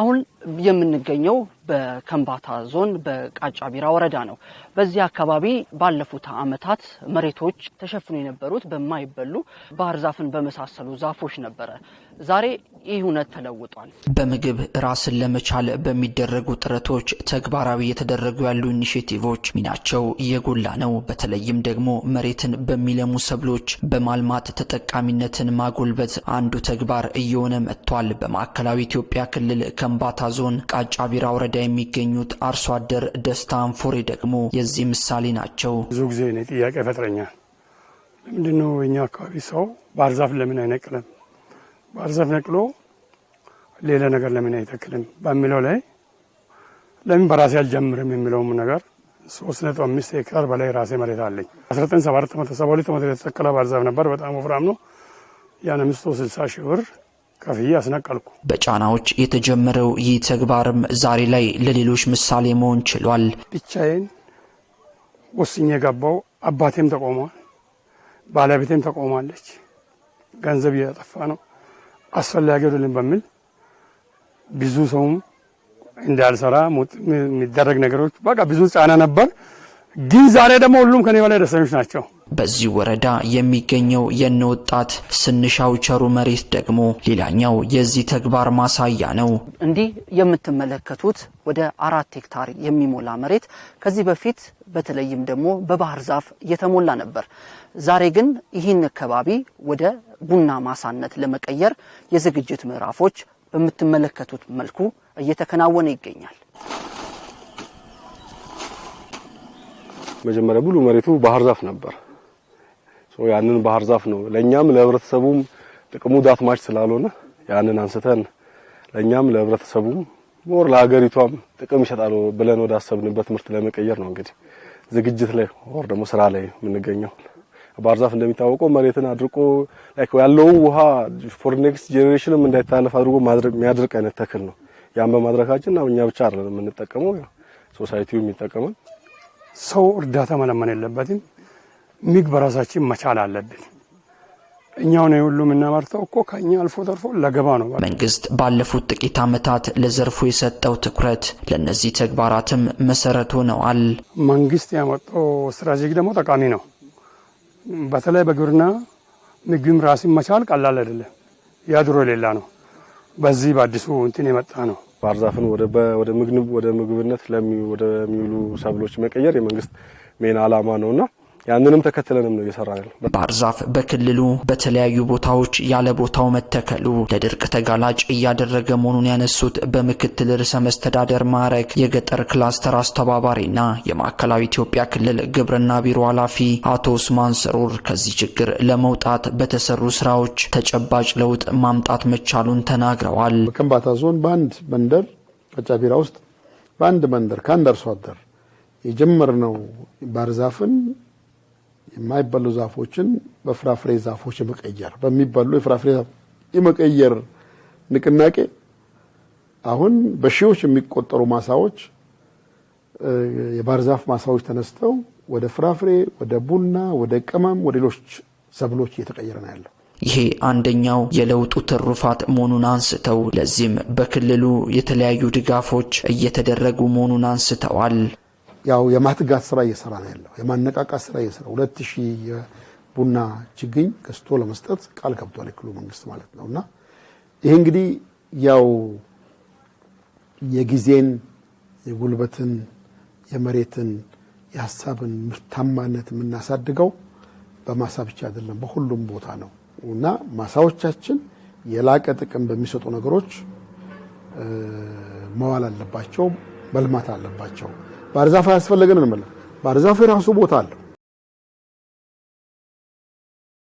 አሁን የምንገኘው በከምባታ ዞን በቃጫ ቢራ ወረዳ ነው። በዚህ አካባቢ ባለፉት ዓመታት መሬቶች ተሸፍኖ የነበሩት በማይበሉ ባህር ዛፍን በመሳሰሉ ዛፎች ነበረ። ዛሬ ይህ እውነት ተለውጧል። በምግብ ራስን ለመቻል በሚደረጉ ጥረቶች ተግባራዊ የተደረጉ ያሉ ኢኒሽቲቮች ሚናቸው የጎላ ነው። በተለይም ደግሞ መሬትን በሚለሙ ሰብሎች በማልማት ተጠቃሚነትን ማጎልበት አንዱ ተግባር እየሆነ መጥቷል። በማዕከላዊ ኢትዮጵያ ክልል ከምባታ ዞን ቃጫ ቢራ ወረዳ ወረዳ የሚገኙት አርሶ አደር ደስታ አንፎሬ ደግሞ የዚህ ምሳሌ ናቸው። ብዙ ጊዜ እኔ ጥያቄ ይፈጥረኛል። ለምንድን ነው የኛ አካባቢ ሰው ባህር ለምን አይነቅልም? ባርዛፍ ነቅሎ ሌላ ነገር ለምን አይተክልም በሚለው ላይ ለምን በራሴ አልጀምርም የሚለውም ነገር ሶስት ነጥብ አምስት ሄክታር በላይ ራሴ መሬት አለኝ። አራት መቶ ሰባ ሁለት መቶ የተተከለ ባርዛፍ ነበር። በጣም ወፍራም ነው። ያን አምስት መቶ ስልሳ ሺህ ብር ከፍዬ አስነቀልኩ። በጫናዎች የተጀመረው ይህ ተግባርም ዛሬ ላይ ለሌሎች ምሳሌ መሆን ችሏል። ብቻዬን ወስኜ የገባው አባቴም ተቆሟል፣ ባለቤቴም ተቆማለች። ገንዘብ እያጠፋ ነው አስፈላጊ ወደልን በሚል ብዙ ሰውም እንዳልሰራ የሚደረግ ነገሮች በቃ ብዙ ጫና ነበር። ግን ዛሬ ደግሞ ሁሉም ከኔ በላይ ደስተኞች ናቸው። በዚህ ወረዳ የሚገኘው የነ ወጣት ስንሻው ቸሩ መሬት ደግሞ ሌላኛው የዚህ ተግባር ማሳያ ነው። እንዲህ የምትመለከቱት ወደ አራት ሄክታር የሚሞላ መሬት ከዚህ በፊት በተለይም ደግሞ በባህር ዛፍ የተሞላ ነበር። ዛሬ ግን ይህን አካባቢ ወደ ቡና ማሳነት ለመቀየር የዝግጅት ምዕራፎች በምትመለከቱት መልኩ እየተከናወነ ይገኛል። መጀመሪያ ሙሉ መሬቱ ባህር ዛፍ ነበር። ሶ ያንን ባህር ዛፍ ነው ለኛም ለህብረተሰቡም ጥቅሙ ዳትማች ስላልሆነ ያንን አንስተን ለኛም ለህብረተሰቡም ሞር ለሀገሪቷም ጥቅም ይሰጣል ብለን ወደ አሰብንበት ምርት ለመቀየር ነው እንግዲህ ዝግጅት ላይ ወር ደግሞ ስራ ላይ የምንገኘው። ባህር ዛፍ እንደሚታወቀው መሬትን አድርቆ ላይክ ያለው ውሃ ፎር ኔክስት ጄኔሬሽንም እንዳይታለፍ አድርጎ የሚያድርቅ አይነት ተክል ነው። ያን በማድረጋችን እኛ ብቻ አይደለም የምንጠቀመው፣ ሶሳይቲውም የሚጠቀመን ሰው እርዳታ መለመን የለበትም። ሚግ በራሳችን መቻል አለብን። እኛው ነው ሁሉ የምናመርተው እኮ ከኛ አልፎ ተርፎ ለገባ ነው። መንግስት ባለፉት ጥቂት ዓመታት ለዘርፉ የሰጠው ትኩረት ለእነዚህ ተግባራትም መሰረት ሆነዋል። መንግስት ያመጣው ስትራቴጂ ደግሞ ጠቃሚ ነው። በተለይ በግብርና ምግብም ራስን መቻል ቀላል አይደለም። ያ ድሮ የሌላ ነው። በዚህ በአዲሱ እንትን የመጣ ነው። ባህር ወደ ምግብነት ወደሚውሉ ሰብሎች መቀየር የመንግስት ሜን አላማ ነውና ያንንም ተከትለንም ነው እየሰራ ያለ። ባህር ዛፍ በክልሉ በተለያዩ ቦታዎች ያለ ቦታው መተከሉ ለድርቅ ተጋላጭ እያደረገ መሆኑን ያነሱት በምክትል ርዕሰ መስተዳደር ማዕረግ የገጠር ክላስተር አስተባባሪና የማዕከላዊ ኢትዮጵያ ክልል ግብርና ቢሮ ኃላፊ አቶ ኡስማን ስሩር ከዚህ ችግር ለመውጣት በተሰሩ ስራዎች ተጨባጭ ለውጥ ማምጣት መቻሉን ተናግረዋል። በከምባታ ዞን በአንድ መንደር ቀጫቢራ ውስጥ በአንድ መንደር ከአንድ አርሶ አደር የጀመርነው ባህር ዛፍን የማይበሉ ዛፎችን በፍራፍሬ ዛፎች የመቀየር በሚበሉ የፍራፍሬ የመቀየር ንቅናቄ አሁን በሺዎች የሚቆጠሩ ማሳዎች የባህር ዛፍ ማሳዎች ተነስተው ወደ ፍራፍሬ፣ ወደ ቡና፣ ወደ ቅመም፣ ወደ ሌሎች ሰብሎች እየተቀየረ ነው ያለው። ይሄ አንደኛው የለውጡ ትሩፋት መሆኑን አንስተው ለዚህም በክልሉ የተለያዩ ድጋፎች እየተደረጉ መሆኑን አንስተዋል። ያው የማትጋት ስራ እየሰራ ነው ያለው፣ የማነቃቃት ስራ እየሰራ ሁለት ሺህ የቡና ችግኝ ገዝቶ ለመስጠት ቃል ገብቷል የክልሉ መንግስት ማለት ነው። እና ይሄ እንግዲህ ያው የጊዜን የጉልበትን የመሬትን የሀሳብን ምርታማነት የምናሳድገው በማሳ ብቻ አይደለም፣ በሁሉም ቦታ ነው እና ማሳዎቻችን የላቀ ጥቅም በሚሰጡ ነገሮች መዋል አለባቸው። መልማት አለባቸው። ባህር ዛፍ አያስፈለገንም። ባህር ዛፍ የራሱ ቦታ አለው።